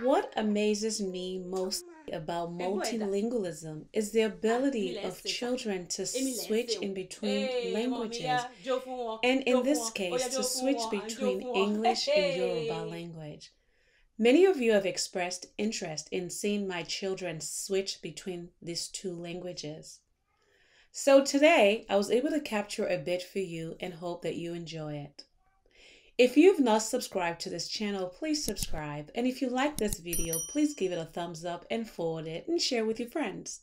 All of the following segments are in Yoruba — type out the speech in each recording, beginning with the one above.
What amazes me most about multilingualism is the ability of children to switch in between languages, and in this case, to switch between English and Yoruba language. Many of you have expressed interest in seeing my children switch between these two languages. So today, I was able to capture a bit for you and hope that you enjoy it. If you've not subscribed to this channel, please subscribe. And if you like this video, please give it a thumbs up and forward it and share with your friends.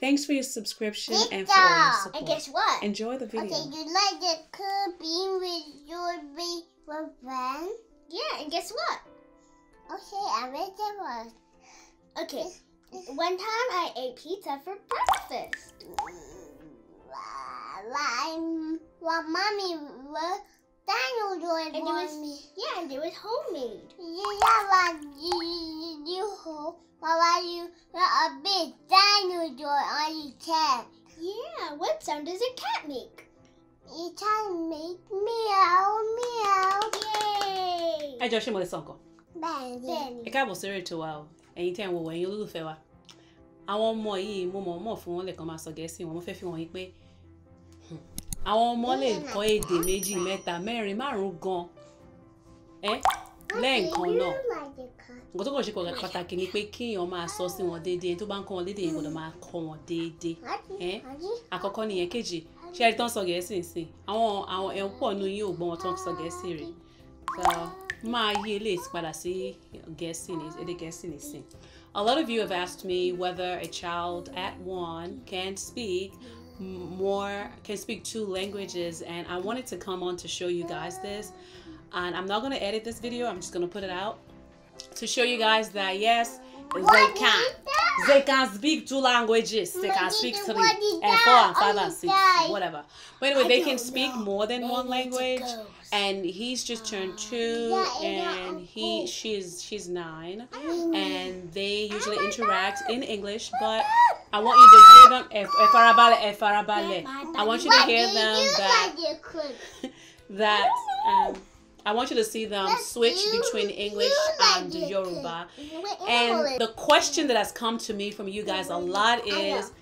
Thanks for your subscription Pizza. and for your support. And guess what? Enjoy the video. Okay, you like it could be with your favorite friend? Yeah, and guess what? Okay, I read that one. Okay, one time I ate pizza for breakfast. My mommy What? dinosaur and it was, Yeah, and it was homemade. Yeah, but you, you, but you got a big dinosaur on your cat. Yeah, what sound does a cat make? It can make meow, meow. Yay! Ẹ jọ more mo lè sọ nǹkan? Bẹ́ẹ̀ni. Ẹ káàbọ̀ sórí ètò wa o, ẹ̀yin tẹ́ ń more, ẹ̀yin olólùfẹ́ wa. Àwọn ọmọ yìí mo mọ̀ ọ́n mọ̀ fún wọn lẹ́ẹ̀kan máa sọ gẹ̀ẹ́sì wọn, mo fẹ́ fi hàn yín pé àwọn ọmọ lè kọ́ èdè méjì mẹ́ta mẹ́rin márùn-ún gan ẹ́ lẹ́ẹ̀kan náà nǹkan tó kàn ṣe pàtàkì ni pé kéèyàn máa sọ sí wọn déédéé tó bá ń kọ́ wọn déédéé yẹn gbọ́dọ̀ máa kọ́ wọn déédéé ẹ́ àkọ́kọ́ nìyẹn kejì ṣé ẹni tó ń sọ gẹ̀ẹ́sì ń sìn àwọn àwọn ẹ̀ pọ̀ nu yín ò gbọ́n wọn tó ń sọ gẹ̀ẹ́sì rẹ̀ máa yí eléyìí padà sí gẹ̀ẹ́sì ní sìn. A lot of you have asked me whether a child at one can speak more, can speak two languages, and I wanted to come on to show you guys this. And I'm not going to edit this video, I'm just going to put it out to show you guys that yes, they can they can speak two languages. They can speak three and eh, four and five and six, whatever. But anyway, they can speak more than one language. And he's just turned ah, two, and he she's she's nine, and they oh usually interact in English. But ah. I want you to hear them. Efarabale, eh, eh, efarabale. I want you to hear them that that. Um, I want you to see them switch between English and Yoruba. And the question that has come to me from you guys a mm-hmm. lot is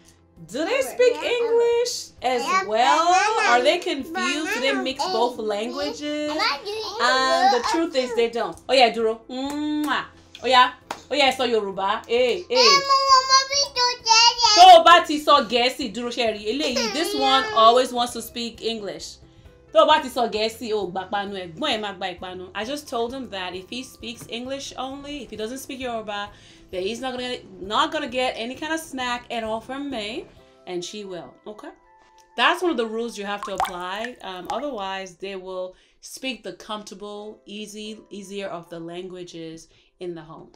do they speak English as well? Are they confused? Do they mix both languages? Um, and the truth is they don't. Oh yeah, Duro. Oh yeah. Oh yeah, I saw Yoruba. Hey, hey. So saw Duro Sherry. This one always wants to speak English tó o bá ti sọ gẹ̀ẹ́sì o gbà panu ẹ̀gbọ́n ẹ̀ máa gba ìpanu i just told him that if he speaks english only if he doesn't speak yoruba then he's not gonna not gonna get any kind of snack at all from me and she will okay that's one of the rules you have to apply um, otherwise they will speak the comfortable easy easier of the languages in the home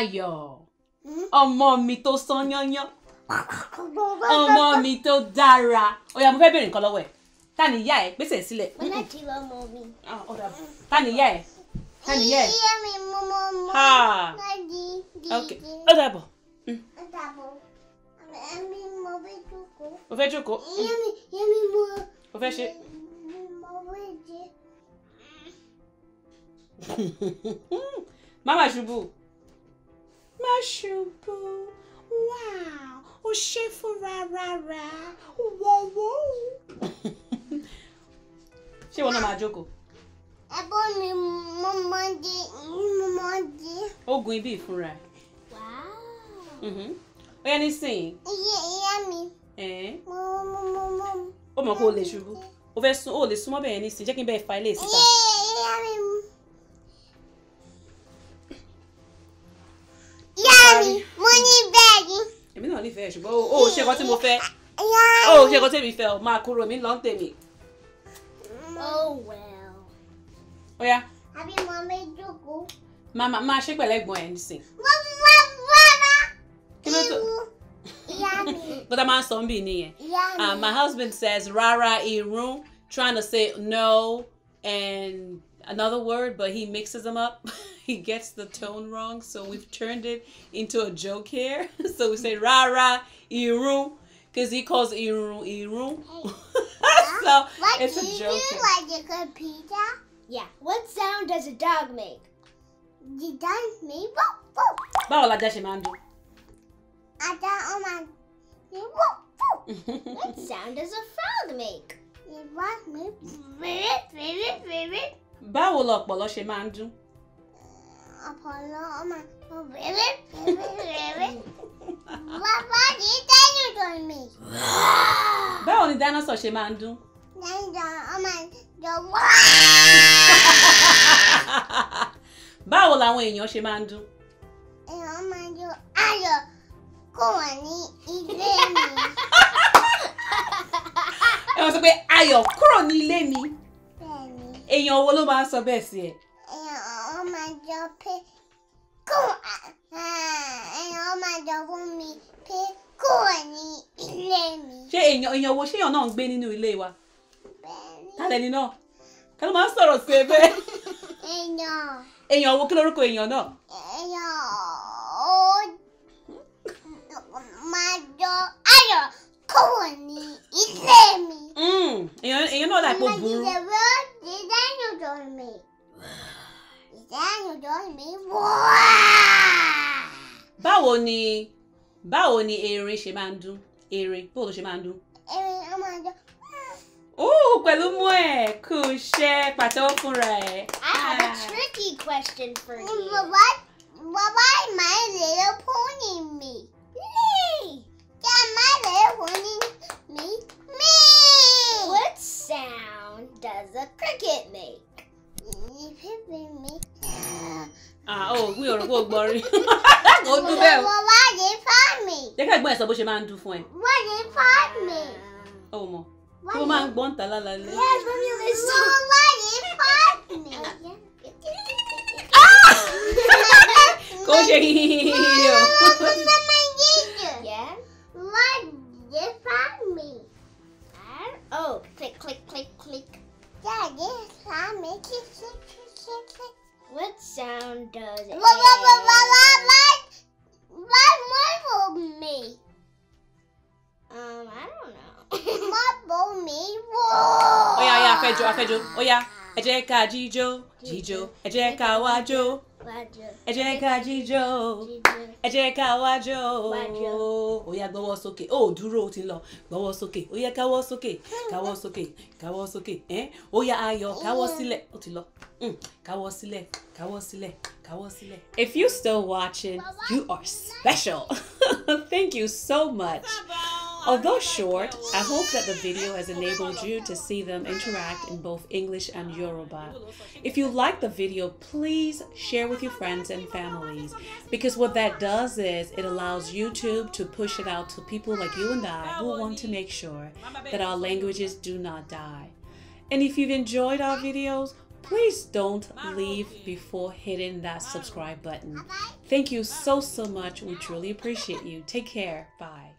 ayo mm-hmm. ọmọ mi tó sán ọmọ mi tó dára ó yá mo fẹ́ bèrè nǹkan lọ́wọ́ ẹ̀. ta ni ìyá ẹ gbèsè sílẹ̀. mo láti lọ mọ mi. Ah, ta ni ìyá ẹ ta ni ìyá ẹ. iye mi mo mọ mọ. ó dàbọ̀. Mm. ó dàbọ̀ èmi mo fẹ́ jókòó. o fẹ́ jókòó. iye mi iye mi mo. o fẹ́ ṣe. mo fẹ́ jẹ. mama ṣubú má ṣubú wáá o ṣe fún rárá rárá wọ́wọ́. ṣé wọn náà máa jókòó. ẹbọ mi mo mọ di mo mọ di. oògùn ibi ìfúnra ẹ. Mhm. ó yẹ nísìnyí. iye ìyá mi. mo mo mo mo. ó mọ̀ kó o lè ṣubú o fẹ́ sún o lè súnmọ́ bẹ́ẹ̀ nísìnyí jẹ́ kí n bẹ́ẹ̀ fa ilé síta. iye ìyá mi. ìyá mi mo ní bẹ́ẹ̀ ni. èmi náà nífẹ̀ẹ́ ṣùgbọ́n o ò ṣe nǹkan tí mo fẹ́. Oh, yeah, go tèmi fẹ́ o. Máa kúrò mi lọ tell me. Oh mm. well. Oh yeah. Happy yá. Àbí màmá ìjókòó. Màmá máa ṣe pẹ̀lẹ́gbọ̀n ẹ̀ sing. Màmá màmá. Mama. ló tó? but I'm on some being uh, my husband says rara iru, trying to say no and another word, but he mixes them up. he gets the tone wrong, so we've turned it into a joke here. so we say rara iru. Because he calls Iru Iru. Hey. so what, it's a joke. Do you like a computer? Yeah. What sound does a dog make? The dog make woof woof. Báwo la dá ṣe máa ń woof woof. What sound does a frog make? It frog make very very very. Báwo lọ̀pọ̀lọ́ ṣe Apollo ama evet evet evet. Baba yìí tẹ́lẹ̀ dọ̀mí. Báwo ni dinosaur ṣe máa ń dún? Dinosaur ọmọ ìjọ wá. Báwo làwọn èèyàn ṣe máa ń dún? Èèyàn máa ń jó ayọ̀ kó wà ní ilé mi. Ẹ wọ́n sọ pé ayọ̀ kúrò ní ilé mi. Bẹ́ẹ̀ni. Èèyàn wo ló máa ń sọ bẹ́ẹ̀ sí ẹ? jọ pé kò èèyàn máa jọ fún mi pé kò ní ilé mi. ṣé èèyàn èèyàn wo ṣéèyàn náà ń gbé nínú ilé wa ta lẹni náà kí ló máa ń sọ̀rọ̀ sí ebe. èèyàn. èèyàn wo kí lórúkọ èèyàn náà. èèyàn ó máa jọ ayọ̀ kúrò ní ilé mi. Hmm, èèyàn náà dàpọ̀ burú. ọmọ ìdílé wo ti dẹ́yìn ọ̀dọ̀ mi. báwo ni báwo ni erin ṣe máa ń dún erin báwo ló ṣe máa ń dún. erin a máa jọ. Ooh, pẹ̀lú mú ẹ̀ ṣe pàtẹ́wọ́ fúnra ẹ̀. I have a ah. tricky question for you. bàbá ìmọ̀. sọrí kò dún bẹ́ẹ̀ o. mo wá ní fáàmì. jẹ́kẹ́ gbọ́n ẹ̀ sọ bó ṣe máa ń dún fún ẹ. wá ní fáàmì. ó mọ̀ kí wọ́n máa ń gbọ́n ta lálálẹ́. mo wá ní fáàmì. kò ṣe hihihihi o. afẹ́jọ́ afẹ́jọ́ oya, yá ẹ jẹ́ ká jíjó jíjó ẹ jẹ́ ká wá jó ẹ jẹ́ ká jíjó ẹ jẹ́ ká wá jó ó yá gbọ́wọ́ sókè ó dúró ó ti lọ gbọ́wọ́ sókè ó yá sókè káwọ́ sókè káwọ́ sókè ẹ́ ó yá ayọ̀ káwọ́ sílẹ̀ ti lọ mm, káwọ́ sílẹ̀ káwọ́ sílẹ̀ káwọ́ sílẹ̀. If you still watching you are special thank you so much. Bye Although short, I hope that the video has enabled you to see them interact in both English and Yoruba. If you like the video, please share with your friends and families because what that does is it allows YouTube to push it out to people like you and I who want to make sure that our languages do not die. And if you've enjoyed our videos, please don't leave before hitting that subscribe button. Thank you so, so much. We truly appreciate you. Take care. Bye.